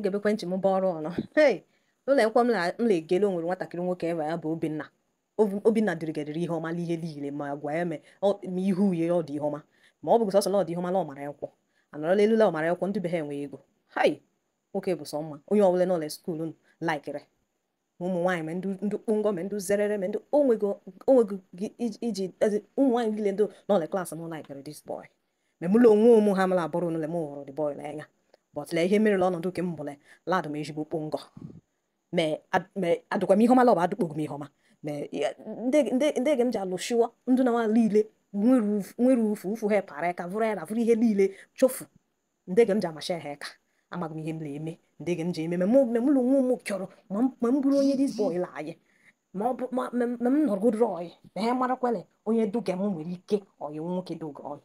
n'oge ekwentị m bụ ọrụ ọnọ hei ụlọ ekwe m na-egele onwere nwatakịrị nwoke eva ya bụ obinna obinna dịrịgadịrị ihe ọma n'ihe niile ma gwa ya ma ihe uhie ọ dị ihe ọma ma ọ bụ sọsọ na ọ dị ihe ọma na ọmara akwụkwọ anọrọla elu la ọmara akwụkwọ ndị be ha enweghị ego hai nwoke bụ sọ mma onye ọbụla n'ụlọ skuulu unu laikịrị ụmụ nwaanyị ma ndị kpụngọ ma ndị zerere ma ndị onwego gị iji ụmụ nwaanyị niile ndị n'ụlọ klaasị m laikịrị dis boy ma onwe ụmụ ha mara abụrụ n'ụlọ m hụrụ dị boy n'anya but lee ihe merela ọnọdụ nke m bụ na ladụ m ezigbo okpo ngọ adụkwa m ihe ọma lọba adụkpogo m ihe ọma ndị ge m ji alụchiwa ndụ na nwa niile nwere ufu ufu ha para ka vụrụ ya na vụrụ ihe niile chofu ndị ge m ji amacha ha ka amaghị m ihe m na-eme ndị ge m ji ememe me m lụ nwa m chọrọ ma m bụrụ onye dis bọị la anyị ma m nọrọgodoro ọyị ma ha marakwele onye duga nwere ike ọyị nwoke duga ọyị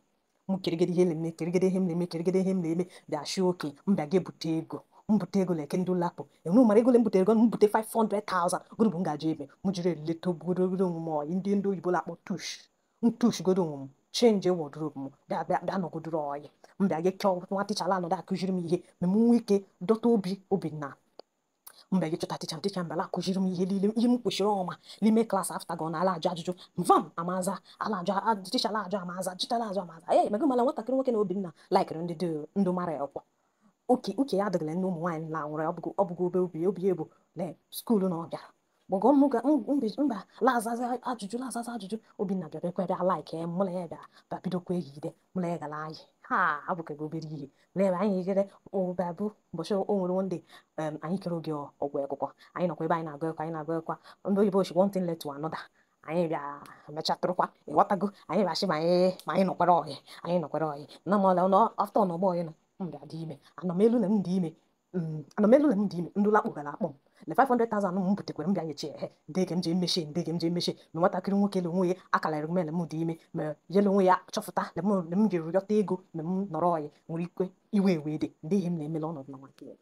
m kirigide ihe na-eme kirigide ihe m na-eme kirigide ihe m na-eme bịashi oke mbịa gị ego mbute ego na-eke ndị ụlọ akụ enwe mara ego mbute ego mbute 500,000 gụrụbụ ngaji ebe m jiri eleta obodogodo onwe m ndị ndị oyibo na-akpọ tush ntush godo onwe m chenje wodrobu m bịa bịa bịa nọgodoro ọyị mbịa gị kọọ nwa tịchala anọdụ akụziri m ihe ma ike dọta obi obi na mbe gịchọta ticha m ticha mbe kụziri m ihe niile ihe m kwesịrị ọma n'ime klaasị afta gị ọ na-ala ajụ ajụjụ mvam amaza ticha ala ajụ amaza jitala azụ amaza ee mega mala nwatakịrị nwoke na obinna laikiri ndị ndụ mara ya ọkwa oke uche ya adịghịla nne ụmụ nwaanyị na nwere ọ bụghị obe obi obi ebu na skuulu na ọbịa bịara gbọgọ mba lazaza ajụjụ lazaza ajụjụ obinna bịara laiki mụ na ya bịara bịa bidokwa ehide mụ na ya gara ahịa ha abụkara obere ihe lee anyị ụba babụ ụbọchị onwere nwere anyị kere oge ọgwụ akwụkwọ anyị nọkwa ebe anyị na-agụ ekwa anyị na-agụ ekwa ndị oyibo ochi one thing led to another anyị bịa mechatụrụkwa ịghọtago anyị bịachi e, ma anyị ma anyị nọkwere ọhịa anyị nọkwere ọhị na mọla afta nọgba ọhịa nọ m dị ime anọ m elu na m dị ime Mm, anọ m elu ụlọ m dị ime ndụla akpọgara akpọ m na 500,000 m butekwara m bịa nyechi ehe ndege m ji emechi ndege m ji emechi ma nwatakịrị nwoke le onwe ya akarịrị m ele m dị ime ma jele onwe ya chọfụta le m ga-eriyọta ego ma m nọrọ ọyị nwere ikwe iwe ewe dị n'ihi m na-emela ọnọdụ na nwa nke ya